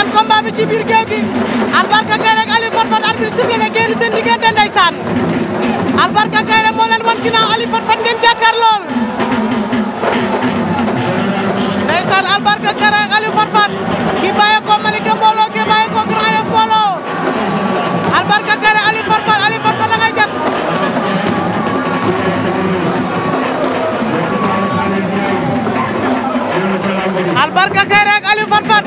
ndeysaan combat bi ci bir geew gi al barka kay rek ali Fat arbitre sifflé sen digënde ndaysan al barka kay rek mo leen won ginaaw ali Fat ngeen jàkkaar lol ndaysan al barka kay rek ali Fat ki baye ko Malika mbolo ki baye ko Grand Yoff mbolo al barka kay rek ali Aliou ali Fat da ngay jatt al barka kay rek ali Fat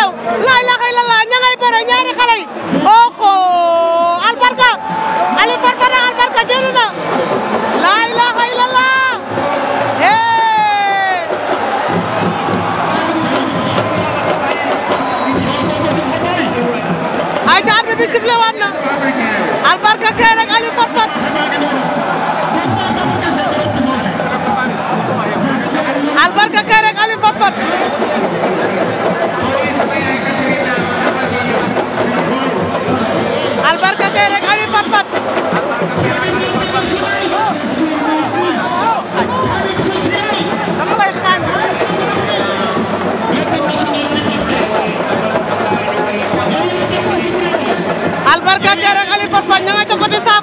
daw laay la xëy la laa ña ngay bëre ñaari xale yi oxo albarka ali farfara albarka génn na laay la xëy la laa ay ca arbitre bi sifflé waat na albarka kee rek ali farfara So tocó esa